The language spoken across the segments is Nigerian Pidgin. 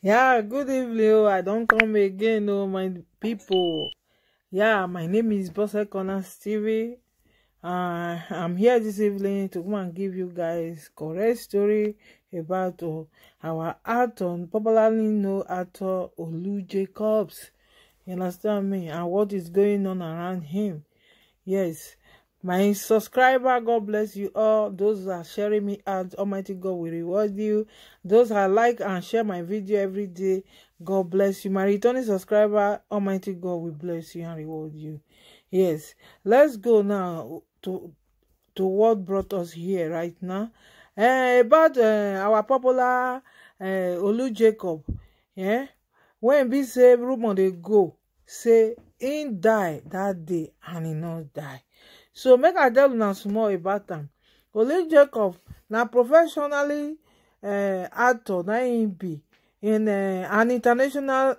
yeah good evening oh i don't come again oh my people. yeah my name is bose connors Stevie. uh, i'm here this evening to come and give you guys correct story about uh, our actor popularly known actor olu jacobs you understand me and what is going on around him yes my subscriber god bless you all those are sharing me out almighty god will reward you those are like and share my video every day god bless you my returning subscriber almighty god will bless you and reward you yes let's go now to to what brought us here right now uh, about uh, our popular uh, olu jacob yeah when we say rumor dey go say he die that day and he not die so make i tell una small about am Colin jacob na professionally eh, actor na im be in eh, an international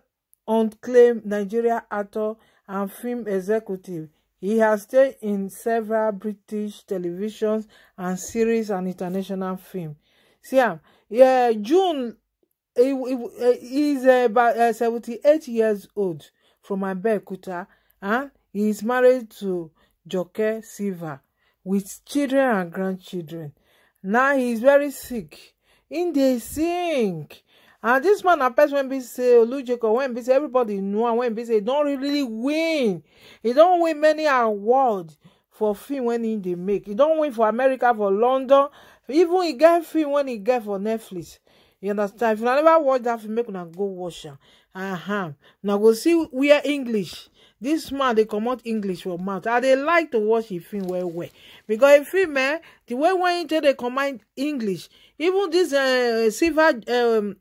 unclaimed nigeria actor and film executive he has stayed in several british televisions and series and international film see Yeah, june he is about 78 eh, years old from abeokuta and he is married to Joke Silva with children and grandchildren. Now he is very sick. In dey sing. And this man na person wey be say Olujekan When be say everybody know am wey be say don't really win. He don't win many awards for film when he dey make. He don't win for America, for London. Even he get film when he get for Netflix you understand if you never watch that film make una go watch Uh huh. now go see where english This man dey comot english for mouth i they like to watch him film well well Because if film eh di way when him tell they command english even dis eh, silver um,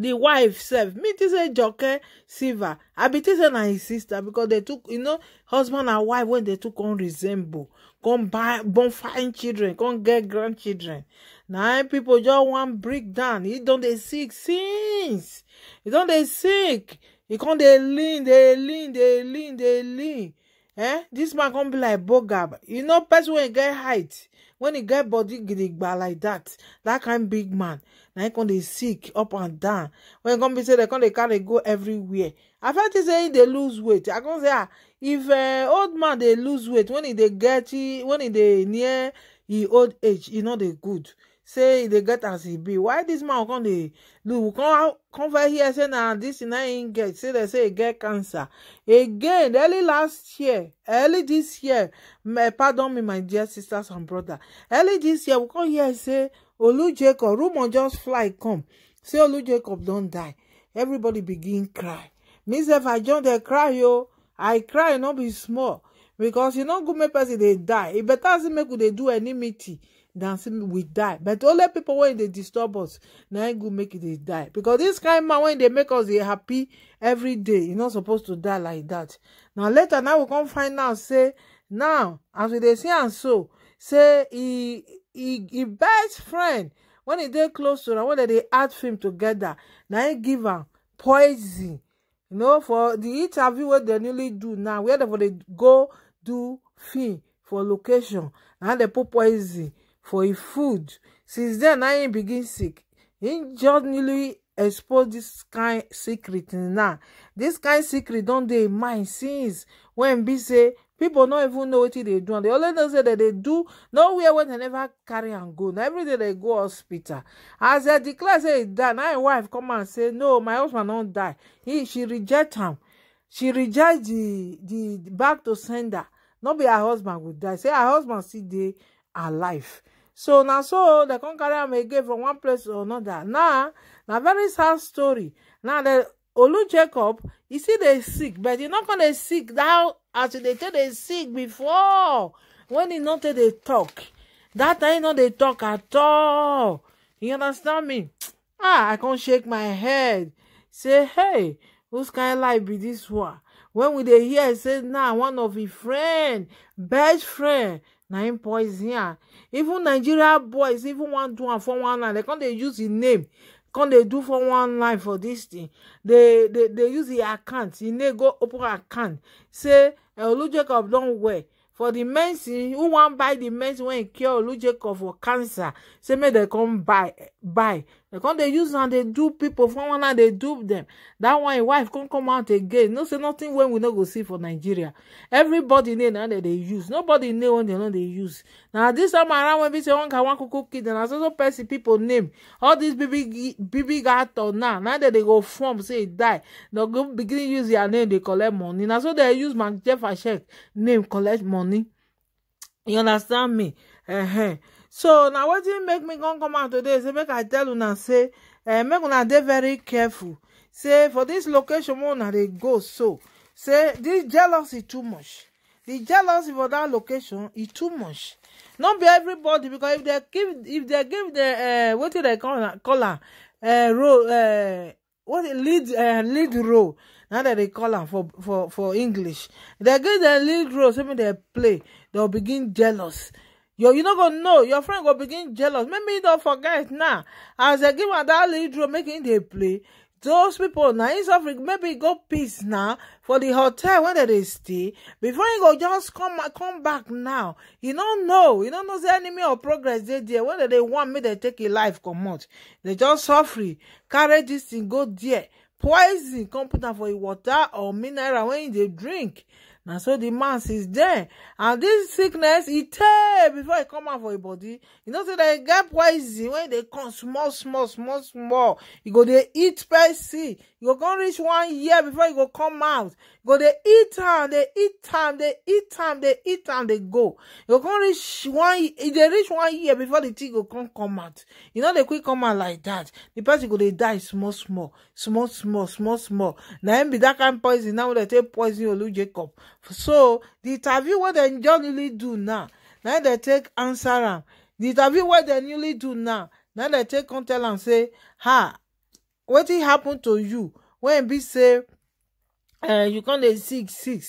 di wife sef me think say joke silver i be think say his sister because they took you know husband and wife when they took on resemble come buy born fine children come get grandchildren Now people just want break down e don't they sick since e don't they sick e come they lean they lean they lean they lean eh This man come be like bogab you know person wey get height when he get body gidigba like that, that kind big man Now him come dey sick up and down when e come be say they come dey carry go everywhere i first think say they lose weight i come say ah if eh, old man dey lose weight when e dey get when e dey near e old age e no dey good say e dey get as e be why dis man come dey do we come for hear say na dis na im get say dem say e get cancer again early last year early dis year pardon me my dear sisters and brothers early dis year we come hear say olu jacob rumour just fly come say olu jacob don die everybody begin cry me sef i join dem cry o oh i cry not be small because you no good make person they die e better say make we dey do enmity than say we die but all the people when they disturb us now e good make it e they die because this kind man when they make us dey happy every day e not supposed to die like that. Now later now we come find out say now as we dey see and so say he he best friend when he dey close to her when they add film together, now he give her poison you know for the interview what they newly do now where they for dey go do film for location and they put poison for e food since then, I ain't begin sick He just newly expose dis kain secret now dis kain secret don't they mind since when be say People no even know wetin dey do and they only know say dem dey do nowhere wey they never carry am go na day they go hospital as they declare say e die na im wife come and say no my husband don die He she reject am she reject the the back to sender no be her husband go die say her husband still dey alive so na so they come carry am again from one place to another now na very sad story now olu jacob you see they sick but you're not gonna dey sick now as they tell they dey sick before when e no they talk. That dat time e no dey at all you understand me ah i can't shake my head say hey whose kind life be this one When we they hear I say now one of his friend best friend now him poison even nigeria boys even one two and four one night dem con dey use him name come they do for one line for this thing they they they use the account e name go open account say eh, jacob don well for the medicine who want buy the medicine wey e cure jacob for cancer say make they come buy buy dem come dey use and they do people from one and they dupe them. That one im wife can't come out again no say nothing when we no go see for nigeria everybody name now that they use nobody name when they know they use Now this time around when we say one kawan cook kid na so so person people name all these baby baby got actor now Now that they go form say die dem go begin use their name they collect money Now so they use mark jeff ashek name collect money you understand me uh -huh so na wetin make me come come out today say make i tell una say eh, make una dey very careful say for this location wey una dey go so say this jealousy too much The jealousy for that location e too much not be everybody because if they give if they give the uh, wetin they call am eh, role lead lead role na dem dey call am for for for english dem give dem lead role say make dem play dem begin jealous you you no go know your friend go begin jealous Maybe you don't forget now as they give am dat lead making the play those people now in suffering maybe go peace now for the hotel where they stay before you go just come back now don't know don't know the enemy of progress They there when they want me, they take a life comot They just suffer, carry this thing go there poison come put for im water or mineral when they drink na so the man is there and this sickness e tey before e come out for e body you know say dem get poison wey dey come small small small small e go dey eat person you go come reach one year before you go come out go they eat time, they eat time, they eat time, they eat am they go you go come reach one They reach one year before the thing go come come out You know they quick come out like that the person go they die small small small small small small na be that kind poison now they take poison olu jacob so the interview what they generally do now Now they take answer the interview what they newly do now Now they take come and say ha wetin happen to you When be say eh, you come dey sick sick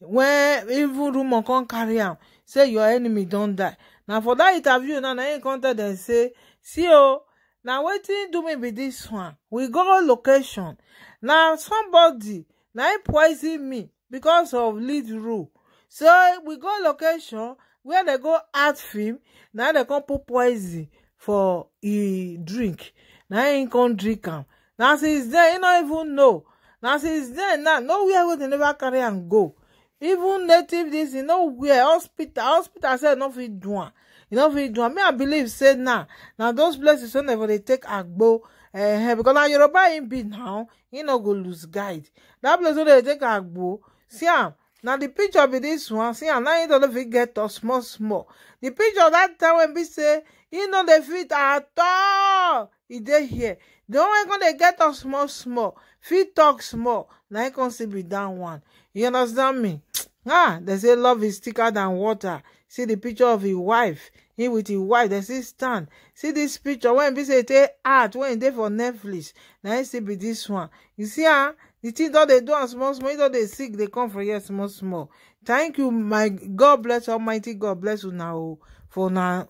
When even rumour come carry am say your enemy don die na for that interview now na im come tell dem say see o na wetin do me be this one we go location na somebody na im poison me because of lead rule so we go location where dem go add film na dem come put poison for e drink na im come drink am Now since den e no even know Now since den now nowhere wey dem never carry and go even native dis e no where hospital hospital said no fit do am e no fit do me i believe say now Now those places wey dem for dey take agbo eh, eh because na yoruba im be now e no go lose guide That place wey dem dey take agbo see now the picture be this one see and now im no fit get us small small The picture that time when be say e no the fit at all e dey here the one wey con dey get up small small fit talk small now im con see be that one you understand me ah they say love is thicker than water see the picture of his wife him with his wife they say stand see this picture wey be say take art wey dey for netflix Now im see be this one you see ah the thing don they do are small small e don dey sick dey come for here small small thank you my god bless almighty god bless you oh, now for now.